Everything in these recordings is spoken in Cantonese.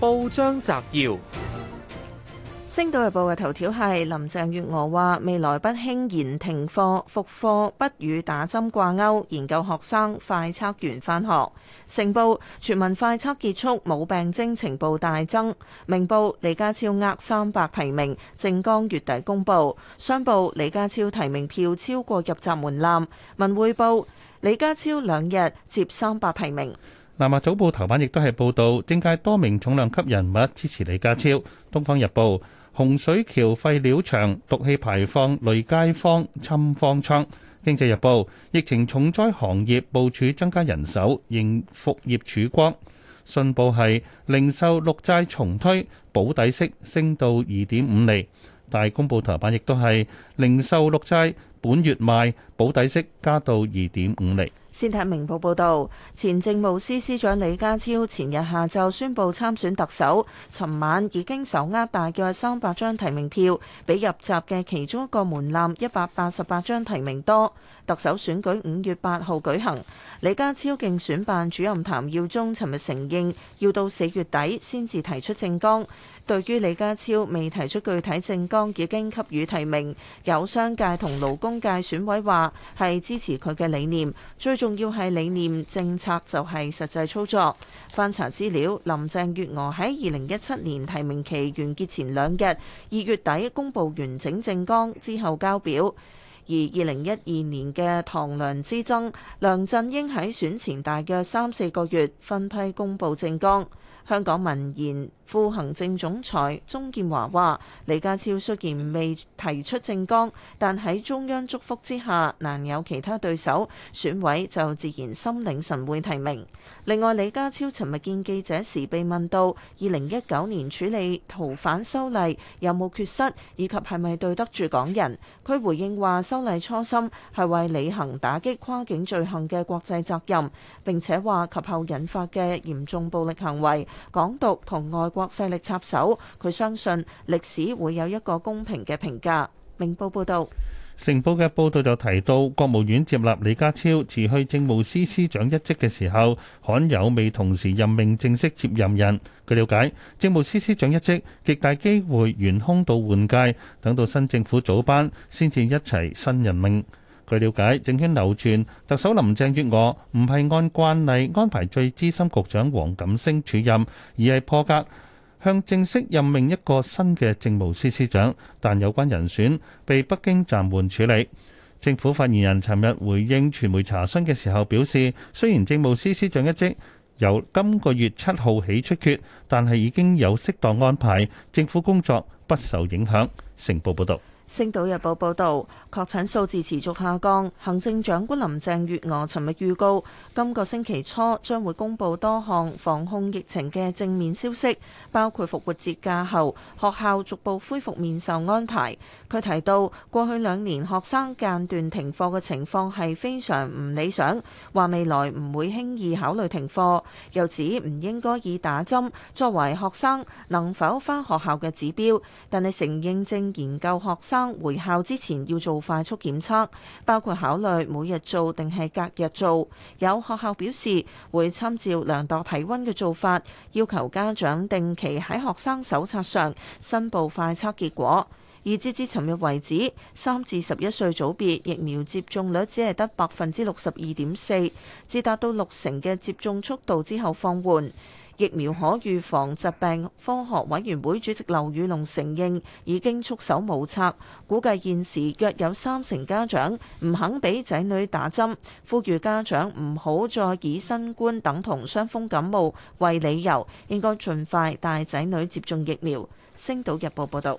報章摘要：《星島日報》嘅頭條係林鄭月娥話未來不輕言停課復課不與打針掛鈎，研究學生快測完返學。成報全民快測結束冇病徵情報大增。明報李家超押三百提名，政綱月底公布。商報李家超提名票超過入閘門檻。文匯報李家超兩日接三百提名。南華早報頭版亦都係報導政界多名重量級人物支持李家超。《東方日報》洪水橋廢料場毒氣排放累街坊侵窗窗。《經濟日報》疫情重災行業部署增加人手，迎復業曙光。信報係零售六債重推，保底息升到二點五釐。大公報頭版亦都係零售六債。本月賣保底息加到二點五釐。先睇明報報道，前政務司司長李家超前日下晝宣布參選特首，尋晚已經手握大約三百張提名票，比入閘嘅其中一個門檻一百八十八張提名多。特首選舉五月八號舉行，李家超競選辦主任譚耀宗尋日承認，要到四月底先至提出政綱。對於李家超未提出具體政綱，已經給予提名，有商界同勞工界選委話係支持佢嘅理念，最重要係理念，政策就係實際操作。翻查資料，林鄭月娥喺二零一七年提名期完結前兩日，二月底公布完整政綱之後交表；而二零一二年嘅唐梁之爭，梁振英喺選前大約三四個月分批公布政綱。香港民研副行政總裁鍾建華話：李家超雖然未提出政綱，但喺中央祝福之下，難有其他對手，選委就自然心領神會提名。另外，李家超尋日見記者時被問到二零一九年處理逃犯修例有冇缺失，以及係咪對得住港人，佢回應話：修例初心係為履行打擊跨境罪行嘅國際責任，並且話及後引發嘅嚴重暴力行為。港獨同外國勢力插手，佢相信歷史會有一個公平嘅評價。明報報導，成報嘅報導就提到，國務院接納李家超辭去政務司司長一職嘅時候，罕有未同時任命正式接任人。據了解，政務司司長一職極大機會懸空到換屆，等到新政府組班先至一齊新任命。據了解，政圈流傳，特首林鄭月娥唔係按慣例安排最資深局長黃錦星署任，而係破格向正式任命一個新嘅政務司司長。但有關人選被北京暫緩處理。政府發言人尋日回應傳媒查詢嘅時候表示，雖然政務司司長一職由今個月七號起出缺，但係已經有適當安排，政府工作不受影響。成報報道。《星島日報》報導，確診數字持續下降。行政長官林鄭月娥尋日預告，今個星期初將會公布多項防控疫情嘅正面消息，包括復活節假後學校逐步恢復面授安排。佢提到，過去兩年學生間斷停課嘅情況係非常唔理想，話未來唔會輕易考慮停課。又指唔應該以打針作為學生能否返學校嘅指標，但係承認正研究學生回校之前要做快速檢測，包括考慮每日做定係隔日做。有學校表示會參照量度體溫嘅做法，要求家長定期喺學生手冊上申報快測結果。而截至尋日為止，三至十一歲組別疫苗接種率只係得百分之六十二點四，至達到六成嘅接種速度之後放緩。疫苗可預防疾病科學委員會主席劉宇龍承認已經束手無策，估計現時約有三成家長唔肯俾仔女打針，呼籲家長唔好再以新冠等同傷風感冒為理由，應該盡快帶仔女接種疫苗。星島日報報道。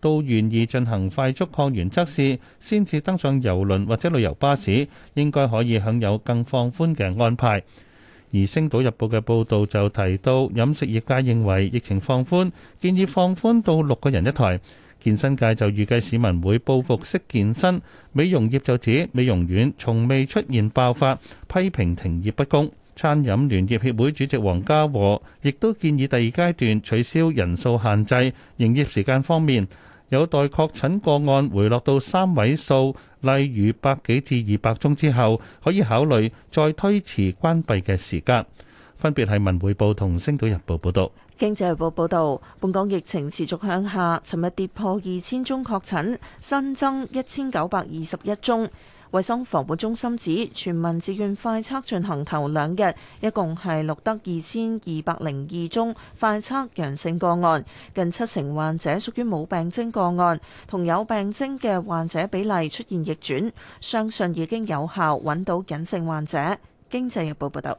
都願意進行快速抗原測試，先至登上郵輪或者旅遊巴士，應該可以享有更放寬嘅安排。而《星島日報》嘅報導就提到，飲食業界認為疫情放寬，建議放寬到六個人一枱。健身界就預計市民會報復式健身，美容業就指美容院從未出現爆發，批評停業不公。餐飲聯業協會主席黃家和亦都建議第二階段取消人數限制。營業時間方面，有待確診個案回落到三位數，例如百幾至二百宗之後，可以考慮再推遲關閉嘅時間。分別係文匯報同星島日報報道。經濟日報報道，本港疫情持續向下，尋日跌破二千宗確診，新增一千九百二十一宗。衛生防護中心指，全民自願快測進行頭兩日，一共係錄得二千二百零二宗快測陽性個案，近七成患者屬於冇病徵個案，同有病徵嘅患者比例出現逆轉，相信已經有效揾到隱性患者。經濟日報報道。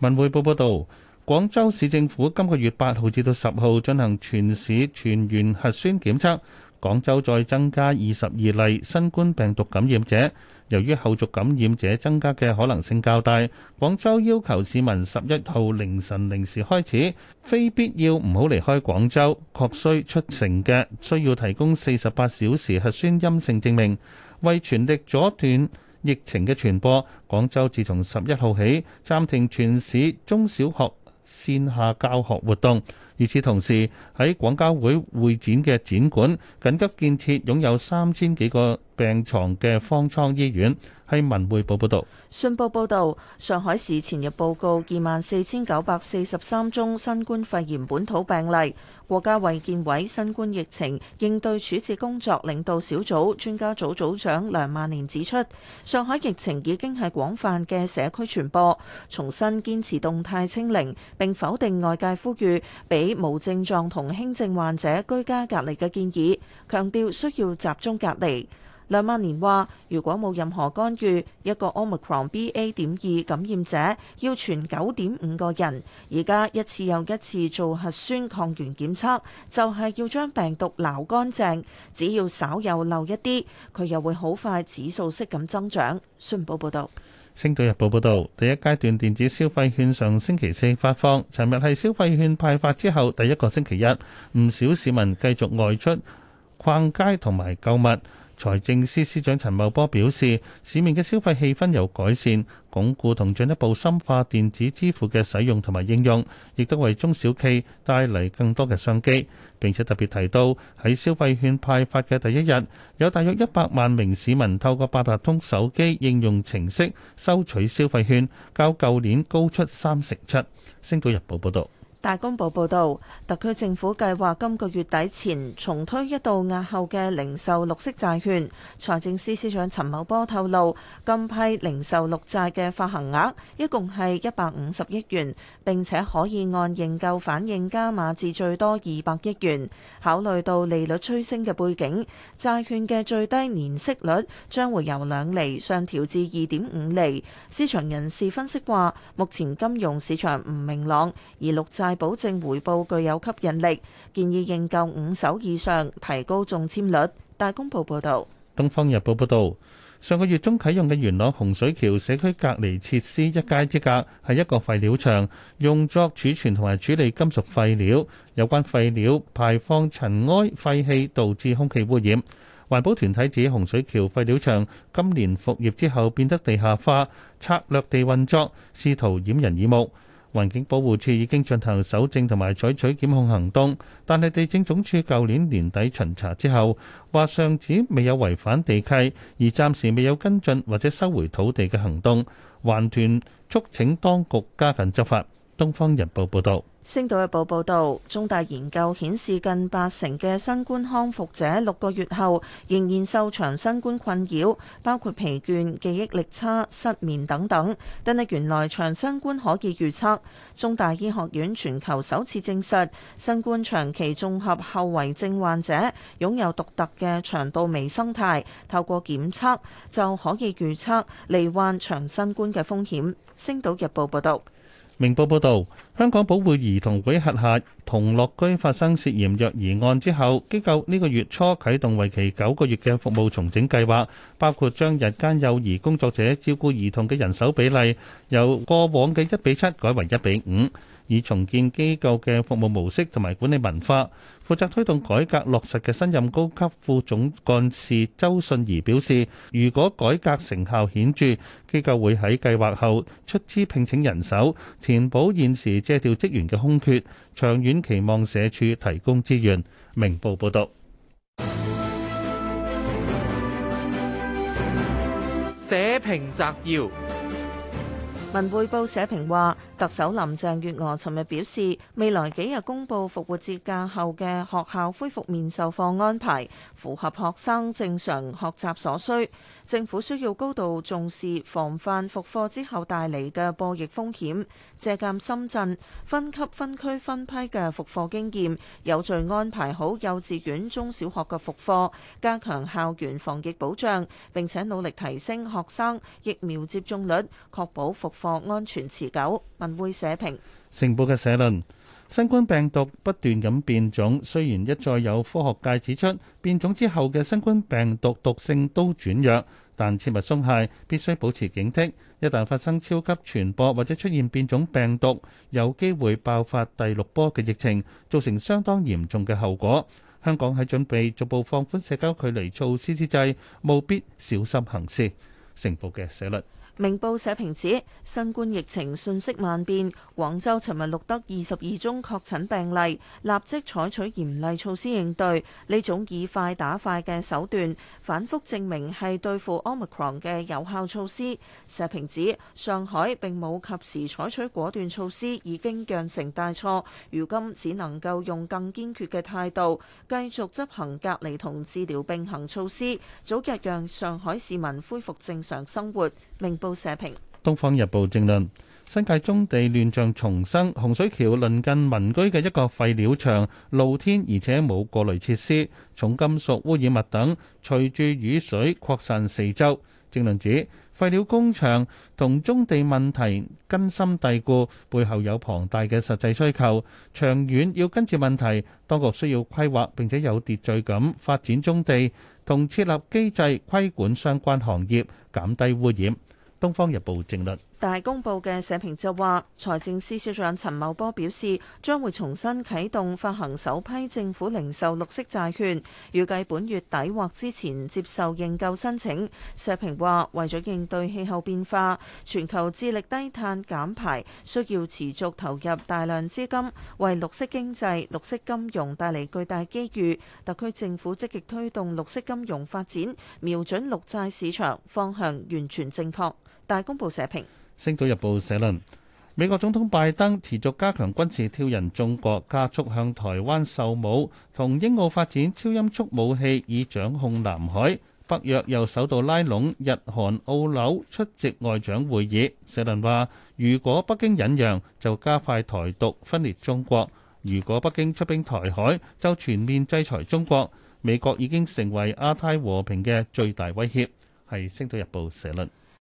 文匯報報道，廣州市政府今個月八號至到十號進行全市全員核酸檢測，廣州再增加二十二例新冠病毒感染者。由於後續感染者增加嘅可能性較大，廣州要求市民十一號凌晨零時開始，非必要唔好離開廣州。確需出城嘅，需要提供四十八小時核酸陰性證明。為全力阻斷疫情嘅傳播，廣州自從十一號起暫停全市中小學線下教學活動。與此同時，喺廣交會會展嘅展館緊急建設，擁有三千幾個病床嘅方艙醫院，喺文匯報報道。信報報道，上海市前日報告二萬四千九百四十三宗新冠肺炎本土病例。國家衛健委新冠疫情應對處置工作領導小組專家組組長梁萬年指出，上海疫情已經係廣泛嘅社區傳播，重新堅持動態清零，並否定外界呼籲俾無症狀同輕症患者居家隔離嘅建議，強調需要集中隔離。兩萬年話：如果冇任何干預，一個 Omicron BA. 點二感染者要傳九點五個人。而家一次又一次做核酸抗原檢測，就係要將病毒撈乾淨。只要稍有漏一啲，佢又會好快指數式咁增長。信報報道。《星島日報》報道，第一階段電子消費券上星期四發放，尋日係消費券派發之後第一個星期一，唔少市民繼續外出逛街同埋購物。財政司司長陳茂波表示，市民嘅消費氣氛有改善，鞏固同進一步深化電子支付嘅使用同埋應用，亦都為中小企帶嚟更多嘅商機。並且特別提到喺消費券派發嘅第一日，有大約一百萬名市民透過八達通手機應用程式收取消費券，較舊年高出三成七。星島日報報道。大公報報導，特區政府計劃今個月底前重推一度押後嘅零售綠色債券。財政司司長陳茂波透露，今批零售綠債嘅發行額一共係一百五十億元，並且可以按認購反應加碼至最多二百億元。考慮到利率趨升嘅背景，債券嘅最低年息率將會由兩厘上調至二點五厘。市場人士分析話，目前金融市場唔明朗，而綠債保證回報具有吸引力，建議認購五手以上，提高中簽率。大公報報道，東方日報報道，上個月中啟用嘅元朗洪水橋社區隔離設施一街之隔係一個廢料場，用作儲存同埋處理金屬廢料。有關廢料排放塵埃廢氣，導致空氣污染。環保團體指洪水橋廢料場今年復業之後變得地下化，策略地運作，試圖掩人耳目。環境保護署已經進行搜證同埋採取檢控行動，但係地政總署舊年年底巡查之後，話上址未有違反地契，而暫時未有跟進或者收回土地嘅行動，環團促請當局加緊執法。《東方日報,報道》報道，《星島日報》報道：中大研究顯示，近八成嘅新冠康復者六個月後仍然受長新冠困擾，包括疲倦、記憶力差、失眠等等。但係原來長新冠可以預測，中大醫學院全球首次證實，新冠長期綜合後遺症患者擁有獨特嘅腸道微生態，透過檢測就可以預測罹患長新冠嘅風險。《星島日報,報》報道。明報報導，香港保護兒童會轄下童樂居發生涉嫌虐兒案之後，機構呢個月初啟動為期九個月嘅服務重整計劃，包括將日間幼兒工作者照顧兒童嘅人手比例由過往嘅一比七改為一比五，以重建機構嘅服務模式同埋管理文化。負責推動改革落實嘅新任高級副總幹事周信儀表示，如果改革成效顯著，機構會喺計劃後出資聘請人手，填補現時借調職員嘅空缺，長遠期望社署提供資源。明報報道。社評摘要：文匯報社評話。特首林鄭月娥尋日表示，未來幾日公布復活節假後嘅學校恢復面授課安排，符合學生正常學習所需。政府需要高度重視防範復課之後帶嚟嘅播疫風險，借鑑深圳分級分區分批嘅復課經驗，有序安排好幼稚園、中小學嘅復課，加強校園防疫保障，並且努力提升學生疫苗接種率，確保復課安全持久。文會社評，成報嘅社論：新冠病毒不斷咁變種，雖然一再有科學界指出變種之後嘅新冠病毒毒性都轉弱，但切勿鬆懈，必須保持警惕。一旦發生超級傳播或者出現變種病毒，有機會爆發第六波嘅疫情，造成相當嚴重嘅後果。香港喺準備逐步放寬社交距離措施之際，務必小心行事。成報嘅社論。明報社評指，新冠疫情瞬息萬變，廣州尋日錄得二十二宗確診病例，立即採取嚴厲措施應對。呢種以快打快嘅手段，反覆證明係對付 omicron 嘅有效措施。社評指，上海並冇及時採取果斷措施，已經釀成大錯。如今只能夠用更堅決嘅態度，繼續執行隔離同治療並行措施，早日讓上海市民恢復正常生活。明。報社評，《東方日報》正論：新界棕地亂象重生，洪水橋鄰近民居嘅一個廢料場，露天而且冇過濾設施，重金屬污染物等隨住雨水擴散四周。正論指廢料工場同棕地問題根深蒂固，背後有龐大嘅實際需求，長遠要根治問題，當局需要規劃並且有秩序咁發展棕地，同設立機制規管相關行業，減低污染。東方日報政論。大公報嘅社評就話，財政司司長陳茂波表示，將會重新啟動發行首批政府零售綠色債券，預計本月底或之前接受認購申請。社評話，為咗應對氣候變化，全球致力低碳減排，需要持續投入大量資金，為綠色經濟、綠色金融帶嚟巨大機遇。特區政府積極推動綠色金融發展，瞄準綠債市場方向，完全正確。大公報社評。星島日報社論：美國總統拜登持續加強軍事挑釁中國，加速向台灣售武，同英澳發展超音速武器以掌控南海。北約又首度拉攏日韓澳紐出席外長會議。社論話：如果北京忍讓，就加快台獨分裂中國；如果北京出兵台海，就全面制裁中國。美國已經成為亞太和平嘅最大威脅。係星島日報社論。